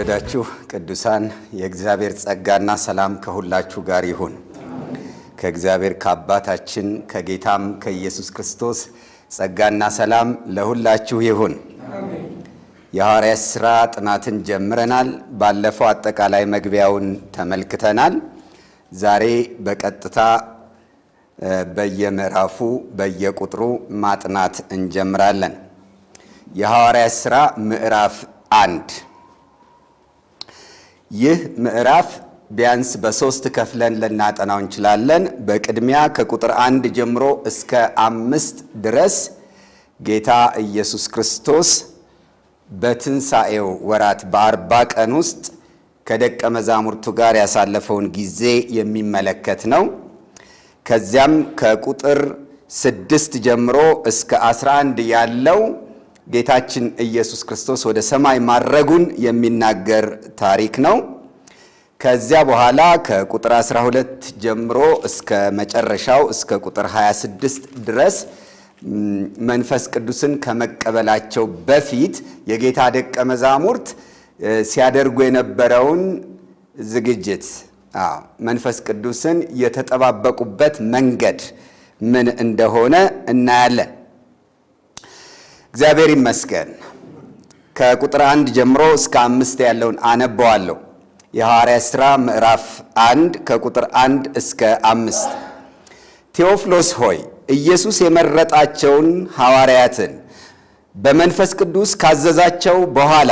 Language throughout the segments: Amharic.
የተወደዳችሁ ቅዱሳን የእግዚአብሔር ጸጋና ሰላም ከሁላችሁ ጋር ይሁን። ከእግዚአብሔር ከአባታችን ከጌታም ከኢየሱስ ክርስቶስ ጸጋና ሰላም ለሁላችሁ ይሁን። የሐዋርያ ሥራ ጥናትን ጀምረናል። ባለፈው አጠቃላይ መግቢያውን ተመልክተናል። ዛሬ በቀጥታ በየምዕራፉ በየቁጥሩ ማጥናት እንጀምራለን። የሐዋርያ ሥራ ምዕራፍ አንድ ይህ ምዕራፍ ቢያንስ በሶስት ከፍለን ልናጠናው እንችላለን። በቅድሚያ ከቁጥር አንድ ጀምሮ እስከ አምስት ድረስ ጌታ ኢየሱስ ክርስቶስ በትንሣኤው ወራት በአርባ ቀን ውስጥ ከደቀ መዛሙርቱ ጋር ያሳለፈውን ጊዜ የሚመለከት ነው። ከዚያም ከቁጥር ስድስት ጀምሮ እስከ አስራ አንድ ያለው ጌታችን ኢየሱስ ክርስቶስ ወደ ሰማይ ማረጉን የሚናገር ታሪክ ነው። ከዚያ በኋላ ከቁጥር 12 ጀምሮ እስከ መጨረሻው እስከ ቁጥር 26 ድረስ መንፈስ ቅዱስን ከመቀበላቸው በፊት የጌታ ደቀ መዛሙርት ሲያደርጉ የነበረውን ዝግጅት፣ መንፈስ ቅዱስን የተጠባበቁበት መንገድ ምን እንደሆነ እናያለን። እግዚአብሔር ይመስገን። ከቁጥር አንድ ጀምሮ እስከ አምስት ያለውን አነበዋለሁ። የሐዋርያ ሥራ ምዕራፍ አንድ ከቁጥር አንድ እስከ አምስት ቴዎፍሎስ ሆይ ኢየሱስ የመረጣቸውን ሐዋርያትን በመንፈስ ቅዱስ ካዘዛቸው በኋላ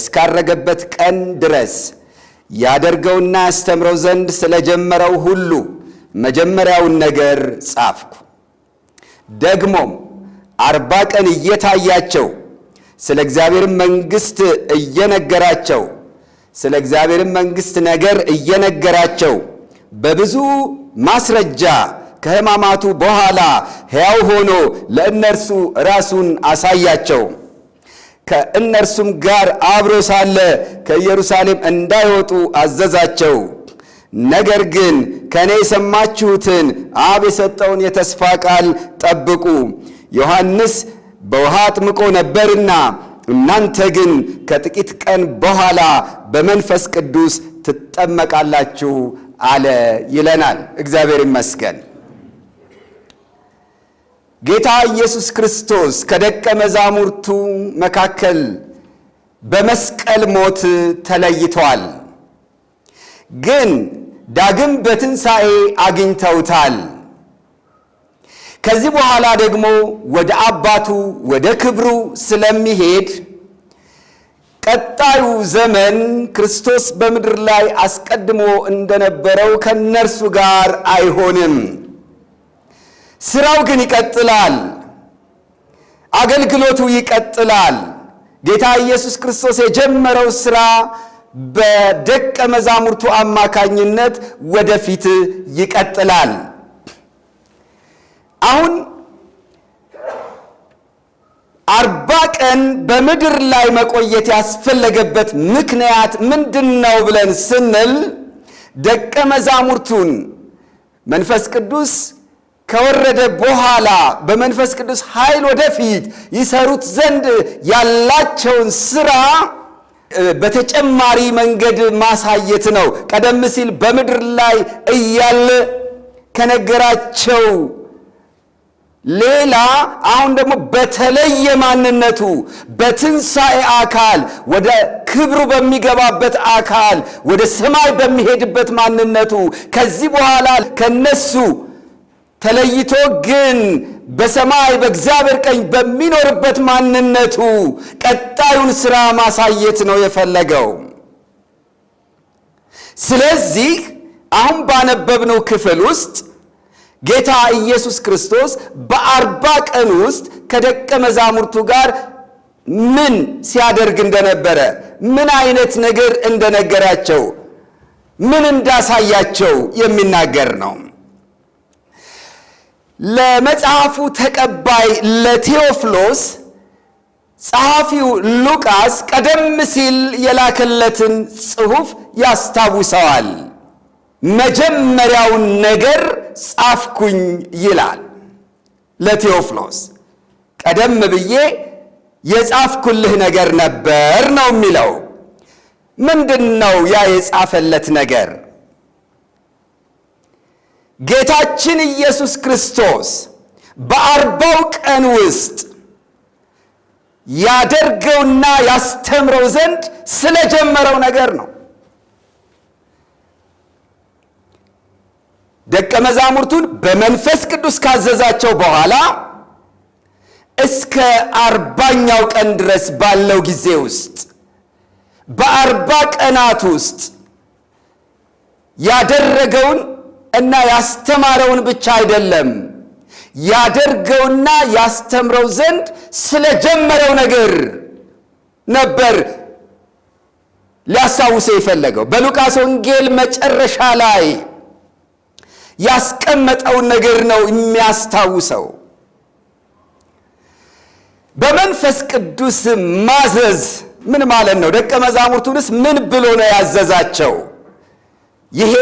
እስካረገበት ቀን ድረስ ያደርገውና ያስተምረው ዘንድ ስለጀመረው ሁሉ መጀመሪያውን ነገር ጻፍኩ። ደግሞም አርባ ቀን እየታያቸው ስለ እግዚአብሔር መንግሥት እየነገራቸው ስለ እግዚአብሔር መንግሥት ነገር እየነገራቸው በብዙ ማስረጃ ከሕማማቱ በኋላ ሕያው ሆኖ ለእነርሱ ራሱን አሳያቸው። ከእነርሱም ጋር አብሮ ሳለ ከኢየሩሳሌም እንዳይወጡ አዘዛቸው። ነገር ግን ከእኔ የሰማችሁትን አብ የሰጠውን የተስፋ ቃል ጠብቁ። ዮሐንስ በውሃ አጥምቆ ነበርና እናንተ ግን ከጥቂት ቀን በኋላ በመንፈስ ቅዱስ ትጠመቃላችሁ አለ ይለናል። እግዚአብሔር ይመስገን። ጌታ ኢየሱስ ክርስቶስ ከደቀ መዛሙርቱ መካከል በመስቀል ሞት ተለይቷል፣ ግን ዳግም በትንሣኤ አግኝተውታል። ከዚህ በኋላ ደግሞ ወደ አባቱ ወደ ክብሩ ስለሚሄድ ቀጣዩ ዘመን ክርስቶስ በምድር ላይ አስቀድሞ እንደነበረው ከነርሱ ጋር አይሆንም። ስራው ግን ይቀጥላል። አገልግሎቱ ይቀጥላል። ጌታ ኢየሱስ ክርስቶስ የጀመረው ስራ በደቀ መዛሙርቱ አማካኝነት ወደፊት ይቀጥላል። አሁን አርባ ቀን በምድር ላይ መቆየት ያስፈለገበት ምክንያት ምንድን ነው ብለን ስንል ደቀ መዛሙርቱን መንፈስ ቅዱስ ከወረደ በኋላ በመንፈስ ቅዱስ ኃይል ወደፊት ይሰሩት ዘንድ ያላቸውን ስራ በተጨማሪ መንገድ ማሳየት ነው። ቀደም ሲል በምድር ላይ እያለ ከነገራቸው ሌላ አሁን ደግሞ በተለየ ማንነቱ በትንሣኤ አካል ወደ ክብሩ በሚገባበት አካል ወደ ሰማይ በሚሄድበት ማንነቱ ከዚህ በኋላ ከነሱ ተለይቶ ግን በሰማይ በእግዚአብሔር ቀኝ በሚኖርበት ማንነቱ ቀጣዩን ሥራ ማሳየት ነው የፈለገው። ስለዚህ አሁን ባነበብነው ክፍል ውስጥ ጌታ ኢየሱስ ክርስቶስ በአርባ ቀን ውስጥ ከደቀ መዛሙርቱ ጋር ምን ሲያደርግ እንደነበረ፣ ምን አይነት ነገር እንደነገራቸው፣ ምን እንዳሳያቸው የሚናገር ነው። ለመጽሐፉ ተቀባይ ለቴዎፍሎስ ጸሐፊው ሉቃስ ቀደም ሲል የላከለትን ጽሑፍ ያስታውሰዋል። መጀመሪያውን ነገር ጻፍኩኝ ይላል ለቴዎፍሎስ። ቀደም ብዬ የጻፍኩልህ ነገር ነበር ነው የሚለው። ምንድን ነው ያ የጻፈለት ነገር? ጌታችን ኢየሱስ ክርስቶስ በአርባው ቀን ውስጥ ያደርገውና ያስተምረው ዘንድ ስለጀመረው ነገር ነው። ደቀ መዛሙርቱን በመንፈስ ቅዱስ ካዘዛቸው በኋላ እስከ አርባኛው ቀን ድረስ ባለው ጊዜ ውስጥ በአርባ ቀናት ውስጥ ያደረገውን እና ያስተማረውን ብቻ አይደለም ያደርገውና ያስተምረው ዘንድ ስለጀመረው ነገር ነበር ሊያስታውሰ የፈለገው። በሉቃስ ወንጌል መጨረሻ ላይ ያስቀመጠውን ነገር ነው የሚያስታውሰው። በመንፈስ ቅዱስ ማዘዝ ምን ማለት ነው? ደቀ መዛሙርቱንስ ምን ብሎ ነው ያዘዛቸው? ይሄ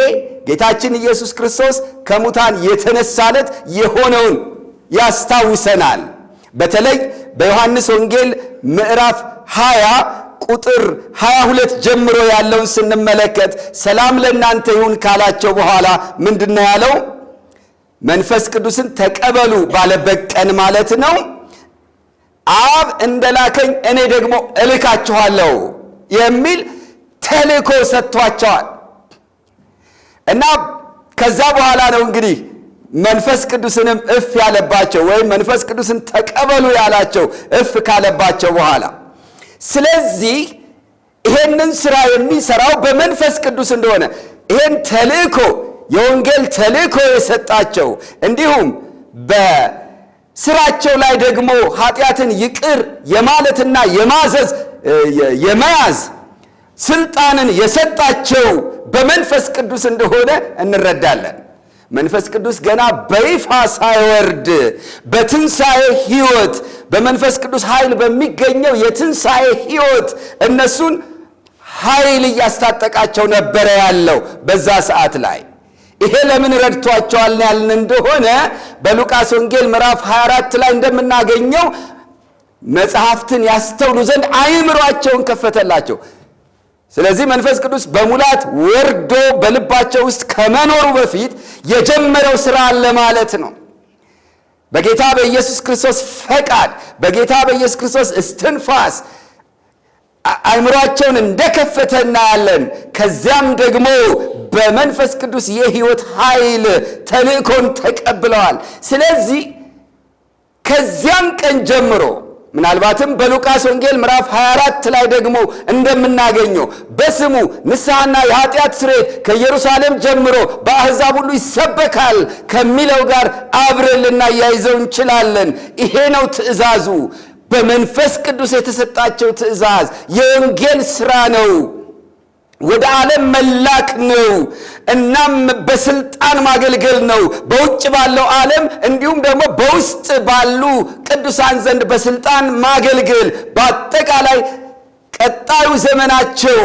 ጌታችን ኢየሱስ ክርስቶስ ከሙታን የተነሳለት የሆነውን ያስታውሰናል። በተለይ በዮሐንስ ወንጌል ምዕራፍ 20 ቁጥር 22 ጀምሮ ያለውን ስንመለከት ሰላም ለእናንተ ይሁን ካላቸው በኋላ ምንድን ነው ያለው? መንፈስ ቅዱስን ተቀበሉ ባለበት ቀን ማለት ነው። አብ እንደላከኝ እኔ ደግሞ እልካችኋለሁ የሚል ተልእኮ ሰጥቷቸዋል። እና ከዛ በኋላ ነው እንግዲህ መንፈስ ቅዱስንም እፍ ያለባቸው ወይም መንፈስ ቅዱስን ተቀበሉ ያላቸው እፍ ካለባቸው በኋላ ስለዚህ ይሄንን ስራ የሚሰራው በመንፈስ ቅዱስ እንደሆነ ይሄን ተልእኮ የወንጌል ተልእኮ የሰጣቸው እንዲሁም በስራቸው ላይ ደግሞ ኃጢአትን ይቅር የማለትና የማዘዝ የመያዝ ስልጣንን የሰጣቸው በመንፈስ ቅዱስ እንደሆነ እንረዳለን። መንፈስ ቅዱስ ገና በይፋ ሳይወርድ በትንሣኤ ሕይወት በመንፈስ ቅዱስ ኃይል በሚገኘው የትንሣኤ ሕይወት እነሱን ኃይል እያስታጠቃቸው ነበረ ያለው በዛ ሰዓት ላይ። ይሄ ለምን ረድቷቸዋል ያልን እንደሆነ በሉቃስ ወንጌል ምዕራፍ 24 ላይ እንደምናገኘው መጽሐፍትን ያስተውሉ ዘንድ አይምሯቸውን ከፈተላቸው። ስለዚህ መንፈስ ቅዱስ በሙላት ወርዶ በልባቸው ውስጥ ከመኖሩ በፊት የጀመረው ሥራ አለ ማለት ነው። በጌታ በኢየሱስ ክርስቶስ ፈቃድ፣ በጌታ በኢየሱስ ክርስቶስ እስትንፋስ አእምሯቸውን እንደከፈተ እናያለን። ከዚያም ደግሞ በመንፈስ ቅዱስ የህይወት ኃይል ተልእኮን ተቀብለዋል። ስለዚህ ከዚያም ቀን ጀምሮ ምናልባትም በሉቃስ ወንጌል ምዕራፍ 24 ላይ ደግሞ እንደምናገኘው በስሙ ንስሐና የኃጢአት ስርየት ከኢየሩሳሌም ጀምሮ በአሕዛብ ሁሉ ይሰበካል ከሚለው ጋር አብረን ልናያይዘው እንችላለን። ይሄ ነው ትእዛዙ። በመንፈስ ቅዱስ የተሰጣቸው ትእዛዝ የወንጌል ሥራ ነው። ወደ ዓለም መላክ ነው። እናም በስልጣን ማገልገል ነው፣ በውጭ ባለው ዓለም እንዲሁም ደግሞ በውስጥ ባሉ ቅዱሳን ዘንድ በስልጣን ማገልገል። በአጠቃላይ ቀጣዩ ዘመናቸው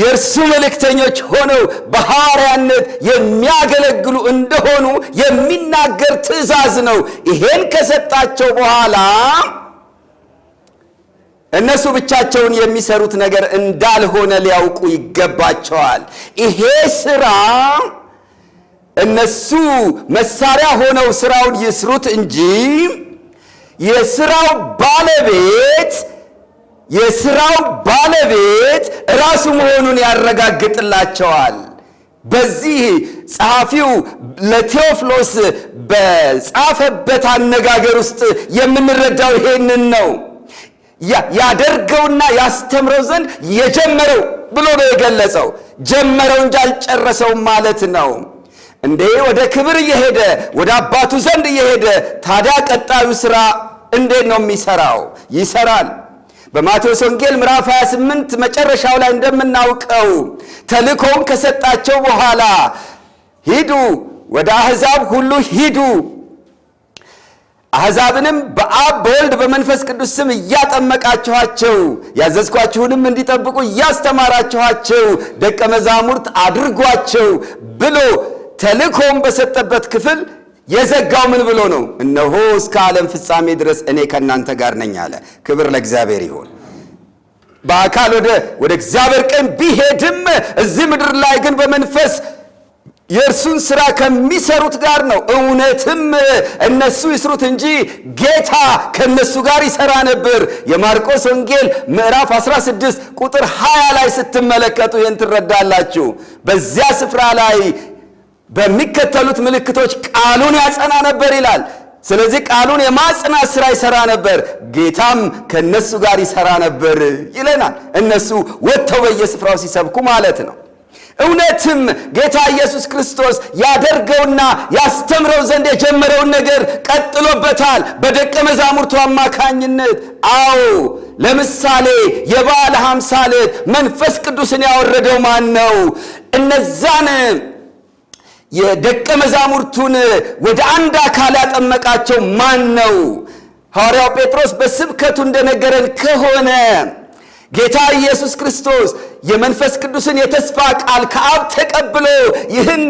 የእርሱ መልእክተኞች ሆነው በሐዋርያነት የሚያገለግሉ እንደሆኑ የሚናገር ትእዛዝ ነው። ይሄን ከሰጣቸው በኋላ እነሱ ብቻቸውን የሚሰሩት ነገር እንዳልሆነ ሊያውቁ ይገባቸዋል። ይሄ ስራ እነሱ መሳሪያ ሆነው ስራውን ይስሩት እንጂ የስራው ባለቤት የስራው ባለቤት ራሱ መሆኑን ያረጋግጥላቸዋል። በዚህ ጸሐፊው ለቴዎፍሎስ በጻፈበት አነጋገር ውስጥ የምንረዳው ይሄንን ነው። ያደርገውና ያስተምረው ዘንድ የጀመረው ብሎ ነው የገለጸው። ጀመረው እንጂ አልጨረሰውም ማለት ነው። እንዴ ወደ ክብር እየሄደ ወደ አባቱ ዘንድ እየሄደ ታዲያ ቀጣዩ ስራ እንዴት ነው የሚሠራው? ይሠራል። በማቴዎስ ወንጌል ምዕራፍ 28 መጨረሻው ላይ እንደምናውቀው ተልእኮውን ከሰጣቸው በኋላ ሂዱ ወደ አሕዛብ ሁሉ ሂዱ አሕዛብንም በአብ በወልድ በመንፈስ ቅዱስ ስም እያጠመቃችኋቸው ያዘዝኳችሁንም እንዲጠብቁ እያስተማራችኋቸው ደቀ መዛሙርት አድርጓቸው ብሎ ተልእኮውን በሰጠበት ክፍል የዘጋው ምን ብሎ ነው? እነሆ እስከ ዓለም ፍጻሜ ድረስ እኔ ከእናንተ ጋር ነኝ አለ። ክብር ለእግዚአብሔር ይሆን። በአካል ወደ እግዚአብሔር ቀን ቢሄድም እዚህ ምድር ላይ ግን በመንፈስ የእርሱን ስራ ከሚሰሩት ጋር ነው። እውነትም እነሱ ይስሩት እንጂ ጌታ ከእነሱ ጋር ይሰራ ነበር። የማርቆስ ወንጌል ምዕራፍ 16 ቁጥር 20 ላይ ስትመለከቱ ይህን ትረዳላችሁ። በዚያ ስፍራ ላይ በሚከተሉት ምልክቶች ቃሉን ያጸና ነበር ይላል። ስለዚህ ቃሉን የማጽናት ስራ ይሰራ ነበር፣ ጌታም ከእነሱ ጋር ይሰራ ነበር ይለናል። እነሱ ወጥተው በየስፍራው ሲሰብኩ ማለት ነው። እውነትም ጌታ ኢየሱስ ክርስቶስ ያደርገውና ያስተምረው ዘንድ የጀመረውን ነገር ቀጥሎበታል በደቀ መዛሙርቱ አማካኝነት። አዎ ለምሳሌ የበዓለ ሃምሳ መንፈስ ቅዱስን ያወረደው ማን ነው? እነዛን የደቀ መዛሙርቱን ወደ አንድ አካል ያጠመቃቸው ማን ነው? ሐዋርያው ጴጥሮስ በስብከቱ እንደነገረን ከሆነ ጌታ ኢየሱስ ክርስቶስ የመንፈስ ቅዱስን የተስፋ ቃል ከአብ ተቀብሎ ይህን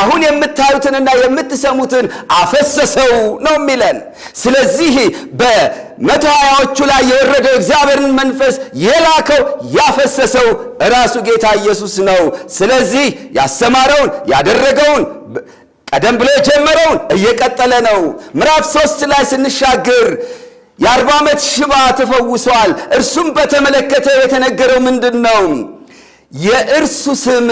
አሁን የምታዩትንና የምትሰሙትን አፈሰሰው ነው የሚለን። ስለዚህ በመቶ ሃያዎቹ ላይ የወረደው እግዚአብሔርን መንፈስ የላከው ያፈሰሰው ራሱ ጌታ ኢየሱስ ነው። ስለዚህ ያስተማረውን ያደረገውን ቀደም ብሎ የጀመረውን እየቀጠለ ነው። ምዕራፍ ሶስት ላይ ስንሻገር የአርባ ዓመት ሽባ ተፈውሰዋል። እርሱም በተመለከተ የተነገረው ምንድን ነው? የእርሱ ስም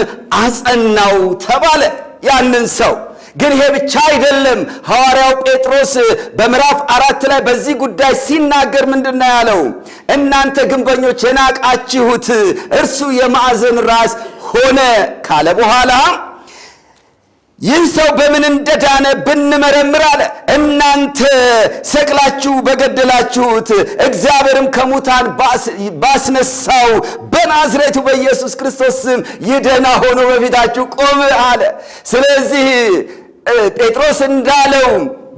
አጸናው ተባለ ያንን ሰው ግን ይሄ ብቻ አይደለም። ሐዋርያው ጴጥሮስ በምዕራፍ አራት ላይ በዚህ ጉዳይ ሲናገር ምንድን ነው ያለው? እናንተ ግንበኞች የናቃችሁት እርሱ የማዕዘን ራስ ሆነ ካለ በኋላ ይህ ሰው በምን እንደዳነ ብንመረምር አለ። እናንተ ሰቅላችሁ በገደላችሁት እግዚአብሔርም ከሙታን ባስነሳው በናዝሬቱ በኢየሱስ ክርስቶስ ስም ይደና ሆኖ በፊታችሁ ቆም አለ። ስለዚህ ጴጥሮስ እንዳለው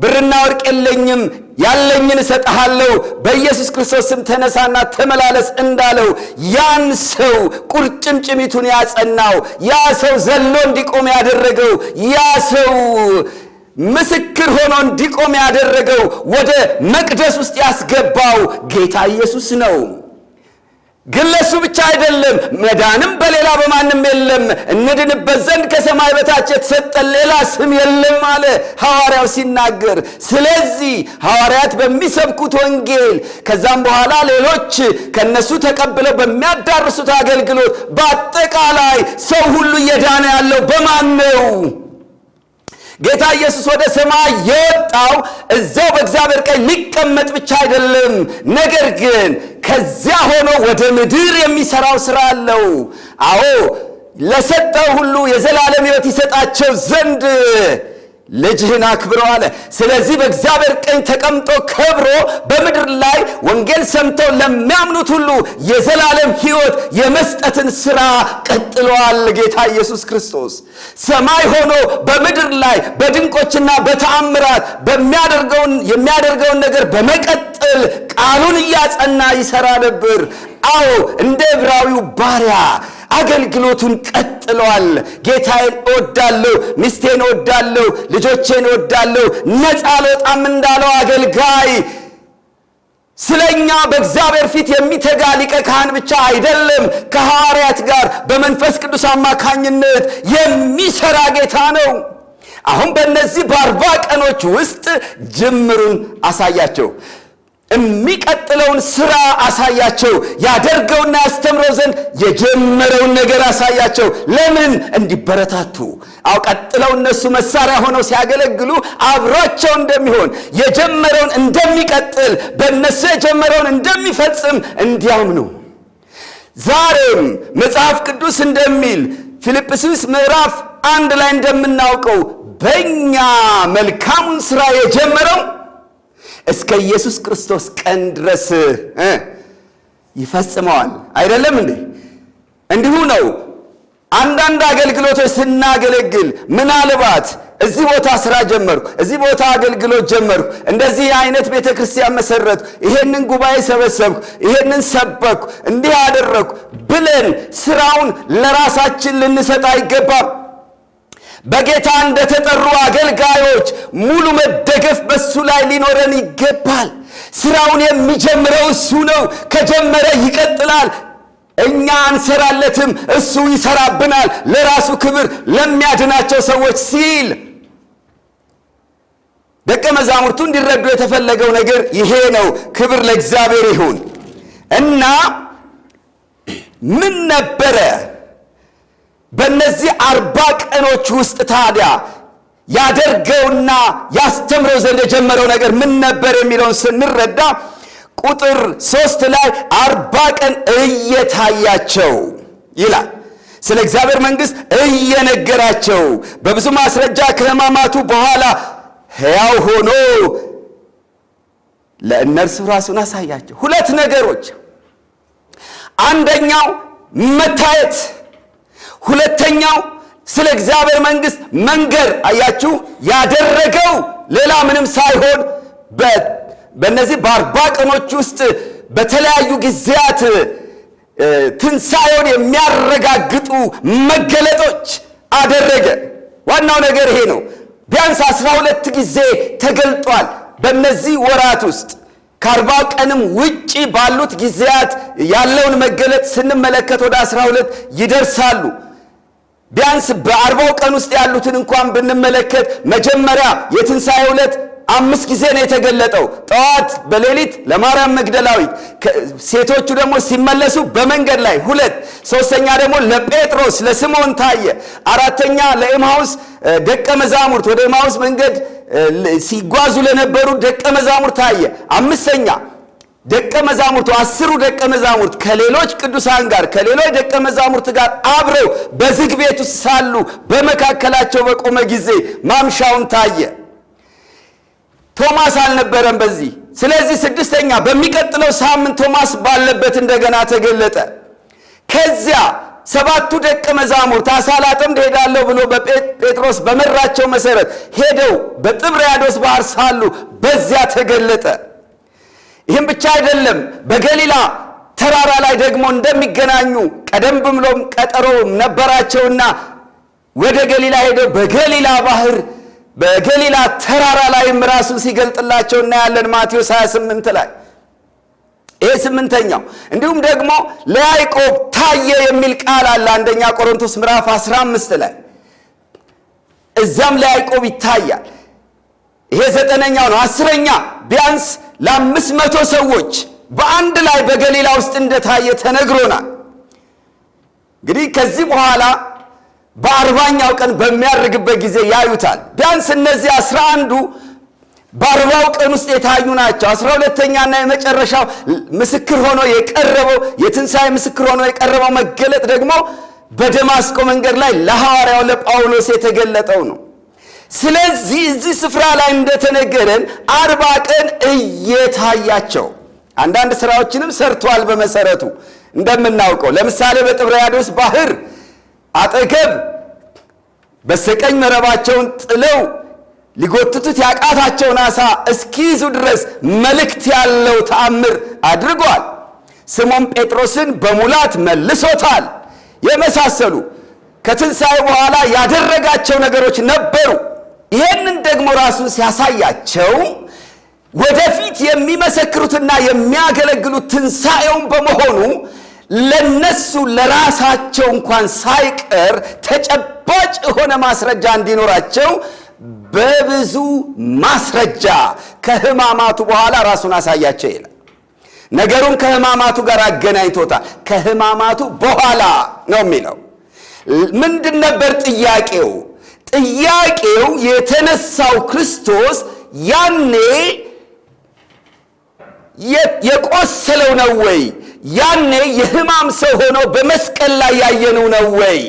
ብርና ወርቅ የለኝም ያለኝን እሰጥሃለሁ በኢየሱስ ክርስቶስ ስም ተነሳና ተመላለስ እንዳለው ያን ሰው ቁርጭምጭሚቱን ያጸናው፣ ያ ሰው ዘሎ እንዲቆም ያደረገው፣ ያ ሰው ምስክር ሆኖ እንዲቆም ያደረገው፣ ወደ መቅደስ ውስጥ ያስገባው ጌታ ኢየሱስ ነው። ግን ለእሱ ብቻ አይደለም፣ መዳንም በሌላ በማንም የለም፣ እንድንበት ዘንድ ከሰማይ በታች የተሰጠን ሌላ ስም የለም አለ ሐዋርያው ሲናገር። ስለዚህ ሐዋርያት በሚሰብኩት ወንጌል ከዛም በኋላ ሌሎች ከነሱ ተቀብለው በሚያዳርሱት አገልግሎት በአጠቃላይ ሰው ሁሉ እየዳነ ያለው በማን ነው? ጌታ ኢየሱስ ወደ ሰማይ የወጣው እዛው በእግዚአብሔር ቀኝ ሊቀመጥ ብቻ አይደለም። ነገር ግን ከዚያ ሆኖ ወደ ምድር የሚሰራው ስራ አለው። አዎ ለሰጠው ሁሉ የዘላለም ሕይወት ይሰጣቸው ዘንድ ልጅህን አክብረው አለ። ስለዚህ በእግዚአብሔር ቀኝ ተቀምጦ ከብሮ በምድር ላይ ወንጌል ሰምተው ለሚያምኑት ሁሉ የዘላለም ሕይወት የመስጠትን ስራ ቀጥለዋል ጌታ ኢየሱስ ክርስቶስ። ሰማይ ሆኖ በምድር ላይ በድንቆችና በተአምራት የሚያደርገውን ነገር በመቀጠል ቃሉን እያጸና ይሰራ ነበር። አዎ እንደ ዕብራዊው ባሪያ አገልግሎቱን ቀጥለዋል። ጌታዬን እወዳለሁ፣ ሚስቴን እወዳለሁ፣ ልጆቼን እወዳለሁ፣ ነፃ አልወጣም እንዳለው አገልጋይ ስለኛ በእግዚአብሔር ፊት የሚተጋ ሊቀ ካህን ብቻ አይደለም፣ ከሐዋርያት ጋር በመንፈስ ቅዱስ አማካኝነት የሚሰራ ጌታ ነው። አሁን በእነዚህ በአርባ ቀኖች ውስጥ ጅምሩን አሳያቸው። የሚቀጥለውን ስራ አሳያቸው። ያደርገውና ያስተምረው ዘንድ የጀመረውን ነገር አሳያቸው። ለምን እንዲበረታቱ። አው ቀጥለው እነሱ መሳሪያ ሆነው ሲያገለግሉ አብሯቸው እንደሚሆን የጀመረውን እንደሚቀጥል፣ በእነሱ የጀመረውን እንደሚፈጽም እንዲያምኑ ዛሬም መጽሐፍ ቅዱስ እንደሚል ፊልጵስዩስ ምዕራፍ አንድ ላይ እንደምናውቀው በእኛ መልካሙን ስራ የጀመረው እስከ ኢየሱስ ክርስቶስ ቀን ድረስ ይፈጽመዋል። አይደለም እንዴ? እንዲሁ ነው። አንዳንድ አገልግሎቶች ስናገለግል ምናልባት እዚህ ቦታ ስራ ጀመርኩ፣ እዚህ ቦታ አገልግሎት ጀመርኩ፣ እንደዚህ አይነት ቤተ ክርስቲያን መሰረትኩ፣ ይሄንን ጉባኤ ሰበሰብኩ፣ ይሄንን ሰበኩ፣ እንዲህ አደረግኩ ብለን ስራውን ለራሳችን ልንሰጥ አይገባም። በጌታ እንደተጠሩ አገልጋዮች ሙሉ መደገፍ በእሱ ላይ ሊኖረን ይገባል። ስራውን የሚጀምረው እሱ ነው። ከጀመረ ይቀጥላል። እኛ አንሰራለትም፣ እሱ ይሰራብናል። ለራሱ ክብር ለሚያድናቸው ሰዎች ሲል ደቀ መዛሙርቱ እንዲረዱ የተፈለገው ነገር ይሄ ነው። ክብር ለእግዚአብሔር ይሁን እና ምን ነበረ በእነዚህ አርባ ቀኖች ውስጥ ታዲያ ያደርገውና ያስተምረው ዘንድ የጀመረው ነገር ምን ነበር የሚለውን ስንረዳ ቁጥር ሶስት ላይ አርባ ቀን እየታያቸው ይላል። ስለ እግዚአብሔር መንግሥት እየነገራቸው በብዙ ማስረጃ ከህማማቱ በኋላ ሕያው ሆኖ ለእነርሱ ራሱን አሳያቸው። ሁለት ነገሮች፣ አንደኛው መታየት ሁለተኛው ስለ እግዚአብሔር መንግስት መንገድ አያችሁ ያደረገው ሌላ ምንም ሳይሆን በእነዚህ በአርባ ቀኖች ውስጥ በተለያዩ ጊዜያት ትንሣኤውን የሚያረጋግጡ መገለጦች አደረገ። ዋናው ነገር ይሄ ነው። ቢያንስ አስራ ሁለት ጊዜ ተገልጧል። በእነዚህ ወራት ውስጥ ከአርባ ቀንም ውጪ ባሉት ጊዜያት ያለውን መገለጥ ስንመለከት ወደ አስራ ሁለት ይደርሳሉ። ቢያንስ በአርባው ቀን ውስጥ ያሉትን እንኳን ብንመለከት መጀመሪያ የትንሣኤ ዕለት አምስት ጊዜ ነው የተገለጠው። ጠዋት በሌሊት ለማርያም መግደላዊት፣ ሴቶቹ ደግሞ ሲመለሱ በመንገድ ላይ ሁለት፣ ሶስተኛ ደግሞ ለጴጥሮስ ለስምዖን ታየ፣ አራተኛ ለኤማውስ ደቀ መዛሙርት ወደ ኤማውስ መንገድ ሲጓዙ ለነበሩ ደቀ መዛሙርት ታየ፣ አምስተኛ ደቀ መዛሙርቱ አስሩ ደቀ መዛሙርት ከሌሎች ቅዱሳን ጋር ከሌሎች ደቀ መዛሙርት ጋር አብረው በዝግ ቤት ውስጥ ሳሉ በመካከላቸው በቆመ ጊዜ ማምሻውን ታየ። ቶማስ አልነበረም በዚህ። ስለዚህ ስድስተኛ በሚቀጥለው ሳምንት ቶማስ ባለበት እንደገና ተገለጠ። ከዚያ ሰባቱ ደቀ መዛሙርት አሳ ላጠምድ ሄዳለሁ ብሎ በጴጥሮስ በመራቸው መሰረት ሄደው በጥብርያዶስ ባህር ሳሉ በዚያ ተገለጠ። ይህም ብቻ አይደለም፣ በገሊላ ተራራ ላይ ደግሞ እንደሚገናኙ ቀደም ብምሎም ቀጠሮ ነበራቸውና ወደ ገሊላ ሄደው በገሊላ ባህር በገሊላ ተራራ ላይም ራሱን ሲገልጥላቸው እናያለን ማቴዎስ 28 ላይ ይሄ ስምንተኛው እንዲሁም ደግሞ ለያይቆብ ታየ የሚል ቃል አለ አንደኛ ቆሮንቶስ ምዕራፍ 15 ላይ እዛም ለያይቆብ ይታያል ይሄ ዘጠነኛው ነው አስረኛ ቢያንስ ለአምስት መቶ ሰዎች በአንድ ላይ በገሊላ ውስጥ እንደታየ ተነግሮናል። እንግዲህ ከዚህ በኋላ በአርባኛው ቀን በሚያርግበት ጊዜ ያዩታል። ቢያንስ እነዚህ አስራ አንዱ በአርባው ቀን ውስጥ የታዩ ናቸው። አስራ ሁለተኛና የመጨረሻው ምስክር ሆኖ የቀረበው የትንሣኤ ምስክር ሆኖ የቀረበው መገለጥ ደግሞ በደማስቆ መንገድ ላይ ለሐዋርያው ለጳውሎስ የተገለጠው ነው። ስለዚህ እዚህ ስፍራ ላይ እንደተነገረን አርባ ቀን እየታያቸው አንዳንድ ስራዎችንም ሰርቷል። በመሰረቱ እንደምናውቀው ለምሳሌ በጥብርያዶስ ባህር አጠገብ በስተቀኝ መረባቸውን ጥለው ሊጎትቱት ያቃታቸውን አሳ እስኪይዙ ድረስ መልእክት ያለው ተአምር አድርጓል። ስሞን ጴጥሮስን በሙላት መልሶታል። የመሳሰሉ ከትንሣኤ በኋላ ያደረጋቸው ነገሮች ነበሩ። ይህንን ደግሞ ራሱን ሲያሳያቸው ወደፊት የሚመሰክሩትና የሚያገለግሉት ትንሣኤውን በመሆኑ ለነሱ ለራሳቸው እንኳን ሳይቀር ተጨባጭ የሆነ ማስረጃ እንዲኖራቸው በብዙ ማስረጃ ከህማማቱ በኋላ ራሱን አሳያቸው ይላል። ነገሩን ከህማማቱ ጋር አገናኝቶታል። ከህማማቱ በኋላ ነው የሚለው። ምንድን ነበር ጥያቄው? ጥያቄው የተነሳው ክርስቶስ ያኔ የቆሰለው ነው ወይ? ያኔ የህማም ሰው ሆኖ በመስቀል ላይ ያየነው ነው ወይ?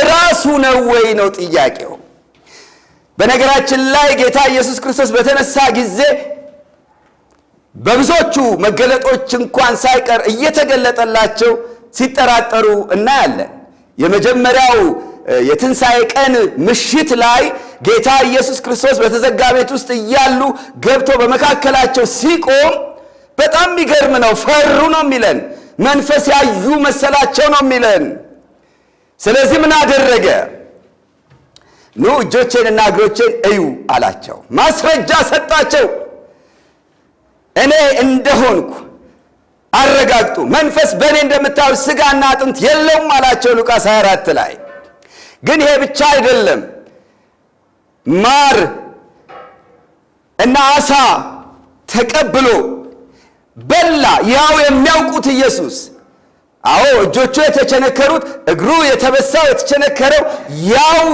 እራሱ ነው ወይ ነው ጥያቄው። በነገራችን ላይ ጌታ ኢየሱስ ክርስቶስ በተነሳ ጊዜ በብዙዎቹ መገለጦች እንኳን ሳይቀር እየተገለጠላቸው ሲጠራጠሩ እናያለን። የመጀመሪያው የትንሣኤ ቀን ምሽት ላይ ጌታ ኢየሱስ ክርስቶስ በተዘጋ ቤት ውስጥ እያሉ ገብቶ በመካከላቸው ሲቆም በጣም የሚገርም ነው። ፈሩ ነው የሚለን፣ መንፈስ ያዩ መሰላቸው ነው የሚለን። ስለዚህ ምን አደረገ? ኑ እጆቼንና እግሮቼን እዩ አላቸው። ማስረጃ ሰጣቸው። እኔ እንደሆንኩ አረጋግጡ፣ መንፈስ በእኔ እንደምታዩት ሥጋና አጥንት የለውም አላቸው። ሉቃስ 24 ላይ ግን ይሄ ብቻ አይደለም። ማር እና አሳ ተቀብሎ በላ። ያው የሚያውቁት ኢየሱስ አዎ፣ እጆቹ የተቸነከሩት እግሩ የተበሳው የተቸነከረው ያው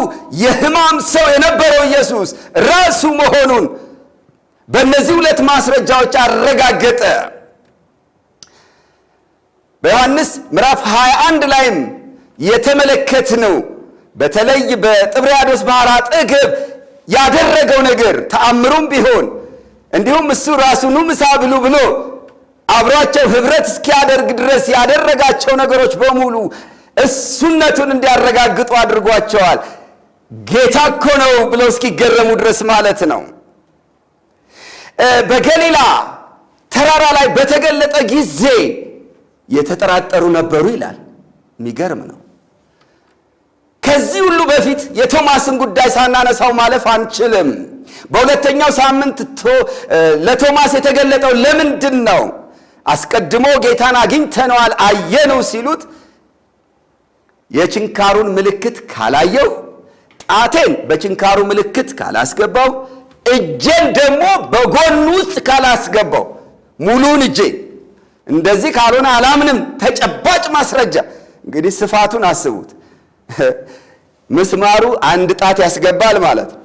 የሕማም ሰው የነበረው ኢየሱስ ራሱ መሆኑን በእነዚህ ሁለት ማስረጃዎች አረጋገጠ። በዮሐንስ ምዕራፍ 21 ላይም የተመለከት ነው። በተለይ በጥብርያዶስ ባህር አጠገብ ያደረገው ነገር ተአምሩም ቢሆን እንዲሁም እሱ ራሱኑ ምሳ ብሉ ብሎ አብሯቸው ህብረት እስኪያደርግ ድረስ ያደረጋቸው ነገሮች በሙሉ እሱነቱን እንዲያረጋግጡ አድርጓቸዋል። ጌታ እኮ ነው ብለው እስኪገረሙ ድረስ ማለት ነው። በገሊላ ተራራ ላይ በተገለጠ ጊዜ የተጠራጠሩ ነበሩ ይላል። የሚገርም ነው። ከዚህ ሁሉ በፊት የቶማስን ጉዳይ ሳናነሳው ማለፍ አንችልም። በሁለተኛው ሳምንት ለቶማስ የተገለጠው ለምንድን ነው? አስቀድሞ ጌታን አግኝተነዋል ነው ሲሉት የችንካሩን ምልክት ካላየው፣ ጣቴን በችንካሩ ምልክት ካላስገባው፣ እጄን ደግሞ በጎን ውስጥ ካላስገባው፣ ሙሉን እጄ እንደዚህ ካልሆነ አላምንም። ተጨባጭ ማስረጃ እንግዲህ ስፋቱን አስቡት። ምስማሩ አንድ ጣት ያስገባል ማለት ነው።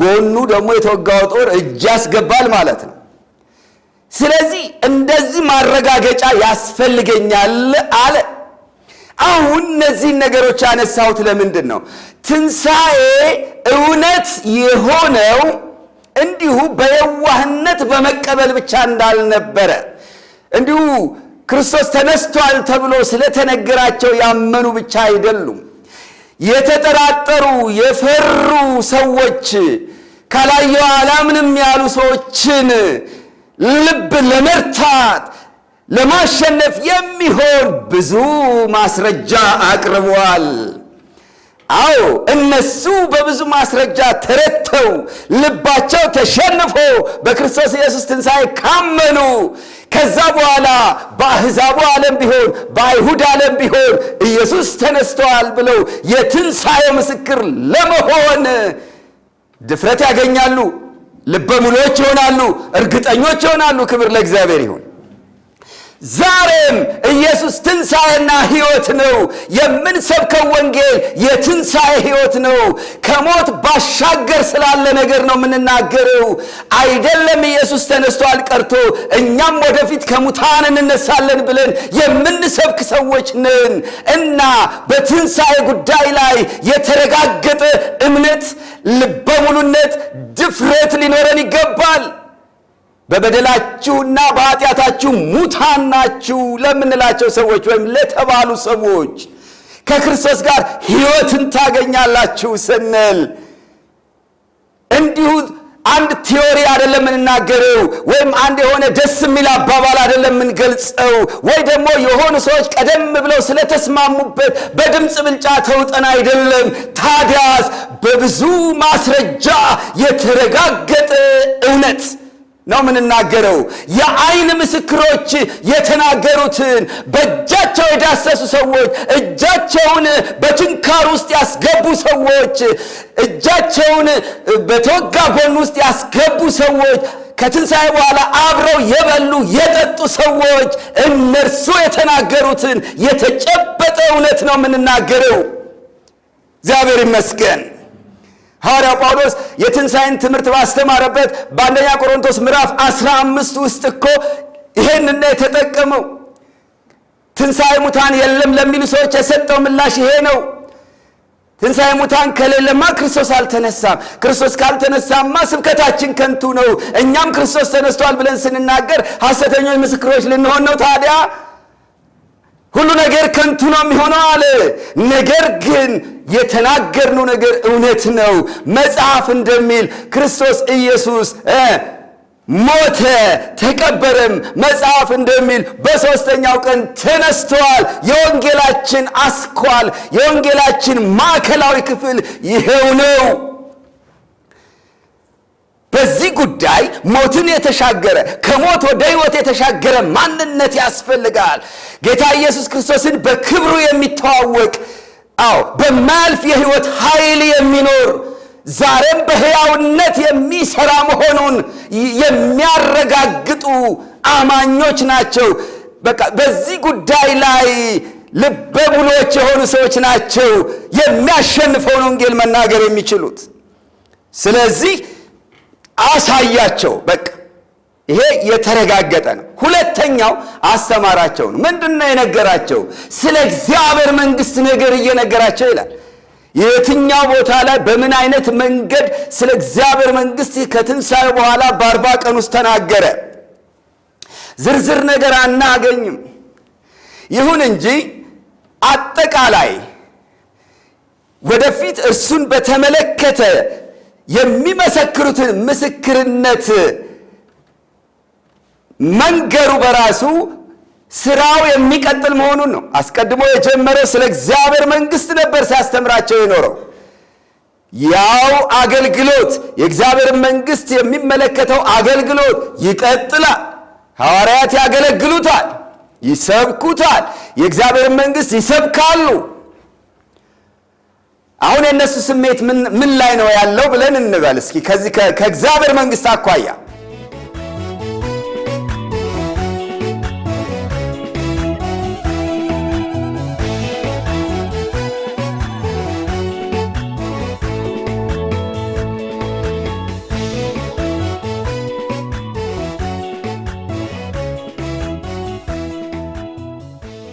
ጎኑ ደግሞ የተወጋው ጦር እጅ ያስገባል ማለት ነው። ስለዚህ እንደዚህ ማረጋገጫ ያስፈልገኛል አለ። አሁን እነዚህን ነገሮች ያነሳሁት ለምንድን ነው? ትንሣኤ እውነት የሆነው እንዲሁ በየዋህነት በመቀበል ብቻ እንዳልነበረ እንዲሁ ክርስቶስ ተነስቷል ተብሎ ስለተነገራቸው ያመኑ ብቻ አይደሉም። የተጠራጠሩ የፈሩ ሰዎች ካላየው አላምንም ያሉ ሰዎችን ልብ ለመርታት ለማሸነፍ የሚሆን ብዙ ማስረጃ አቅርበዋል። አዎ እነሱ በብዙ ማስረጃ ተረድተው ልባቸው ተሸንፎ በክርስቶስ ኢየሱስ ትንሣኤ ካመኑ ከዛ በኋላ በአሕዛቡ ዓለም ቢሆን በአይሁድ ዓለም ቢሆን ኢየሱስ ተነስተዋል ብለው የትንሣኤ ምስክር ለመሆን ድፍረት ያገኛሉ። ልበ ሙሉዎች ይሆናሉ፣ እርግጠኞች ይሆናሉ። ክብር ለእግዚአብሔር ይሁን። ዛሬም ኢየሱስ ትንሣኤና ሕይወት ነው። የምንሰብከው ወንጌል የትንሣኤ ሕይወት ነው። ከሞት ባሻገር ስላለ ነገር ነው የምንናገረው። አይደለም ኢየሱስ ተነስቷል ቀርቶ እኛም ወደፊት ከሙታን እንነሳለን ብለን የምንሰብክ ሰዎች ነን እና በትንሣኤ ጉዳይ ላይ የተረጋገጠ እምነት፣ ልበሙሉነት፣ ድፍረት ሊኖረን ይገባል። በበደላችሁና በኃጢአታችሁ ሙታን ናችሁ ለምንላቸው ሰዎች ወይም ለተባሉ ሰዎች ከክርስቶስ ጋር ሕይወትን ታገኛላችሁ ስንል እንዲሁ አንድ ቲዮሪ አይደለም የምንናገረው፣ ወይም አንድ የሆነ ደስ የሚል አባባል አይደለም የምንገልጸው፣ ወይ ደግሞ የሆኑ ሰዎች ቀደም ብለው ስለተስማሙበት በድምፅ ብልጫ ተውጠን አይደለም። ታዲያስ በብዙ ማስረጃ የተረጋገጠ እውነት ነው የምንናገረው። የአይን ምስክሮች የተናገሩትን በእጃቸው የዳሰሱ ሰዎች፣ እጃቸውን በችንካር ውስጥ ያስገቡ ሰዎች፣ እጃቸውን በተወጋ ጎን ውስጥ ያስገቡ ሰዎች፣ ከትንሣኤ በኋላ አብረው የበሉ የጠጡ ሰዎች፣ እነርሱ የተናገሩትን የተጨበጠ እውነት ነው የምንናገረው። እግዚአብሔር ይመስገን። ሐዋርያው ጳውሎስ የትንሣኤን ትምህርት ባስተማረበት በአንደኛ ቆሮንቶስ ምዕራፍ 15 ውስጥ እኮ ይሄንን የተጠቀመው ትንሣኤ ሙታን የለም ለሚሉ ሰዎች የሰጠው ምላሽ ይሄ ነው። ትንሣኤ ሙታን ከሌለማ ክርስቶስ አልተነሳም። ክርስቶስ ካልተነሳማ ስብከታችን ከንቱ ነው። እኛም ክርስቶስ ተነስቷል ብለን ስንናገር ሐሰተኞች ምስክሮች ልንሆን ነው ታዲያ ሁሉ ነገር ከንቱ ነው የሚሆነው አለ። ነገር ግን የተናገርነው ነገር እውነት ነው። መጽሐፍ እንደሚል ክርስቶስ ኢየሱስ ሞተ ተቀበረም፣ መጽሐፍ እንደሚል በሦስተኛው ቀን ተነስተዋል። የወንጌላችን አስኳል፣ የወንጌላችን ማዕከላዊ ክፍል ይሄው ነው። በዚህ ጉዳይ ሞትን የተሻገረ ከሞት ወደ ህይወት የተሻገረ ማንነት ያስፈልጋል። ጌታ ኢየሱስ ክርስቶስን በክብሩ የሚተዋወቅ አዎ፣ በማያልፍ የህይወት ኃይል የሚኖር ዛሬም በሕያውነት የሚሰራ መሆኑን የሚያረጋግጡ አማኞች ናቸው። በቃ በዚህ ጉዳይ ላይ ልበ የሆኑ ሰዎች ናቸው የሚያሸንፈውን ወንጌል መናገር የሚችሉት። ስለዚህ አሳያቸው። በቃ ይሄ የተረጋገጠ ነው። ሁለተኛው አስተማራቸው ነው። ምንድን ነው የነገራቸው? ስለ እግዚአብሔር መንግስት ነገር እየነገራቸው ይላል። የትኛው ቦታ ላይ በምን አይነት መንገድ ስለ እግዚአብሔር መንግስት ከትንሣኤ በኋላ በአርባ ቀን ውስጥ ተናገረ። ዝርዝር ነገር አናገኝም። ይሁን እንጂ አጠቃላይ ወደፊት እርሱን በተመለከተ የሚመሰክሩትን ምስክርነት መንገሩ በራሱ ስራው የሚቀጥል መሆኑን ነው። አስቀድሞ የጀመረው ስለ እግዚአብሔር መንግስት ነበር ሲያስተምራቸው የኖረው። ያው አገልግሎት የእግዚአብሔር መንግስት የሚመለከተው አገልግሎት ይቀጥላል። ሐዋርያት ያገለግሉታል፣ ይሰብኩታል፣ የእግዚአብሔር መንግስት ይሰብካሉ። አሁን የእነሱ ስሜት ምን ላይ ነው ያለው ብለን እንበል እስኪ ከዚህ ከእግዚአብሔር መንግስት አኳያ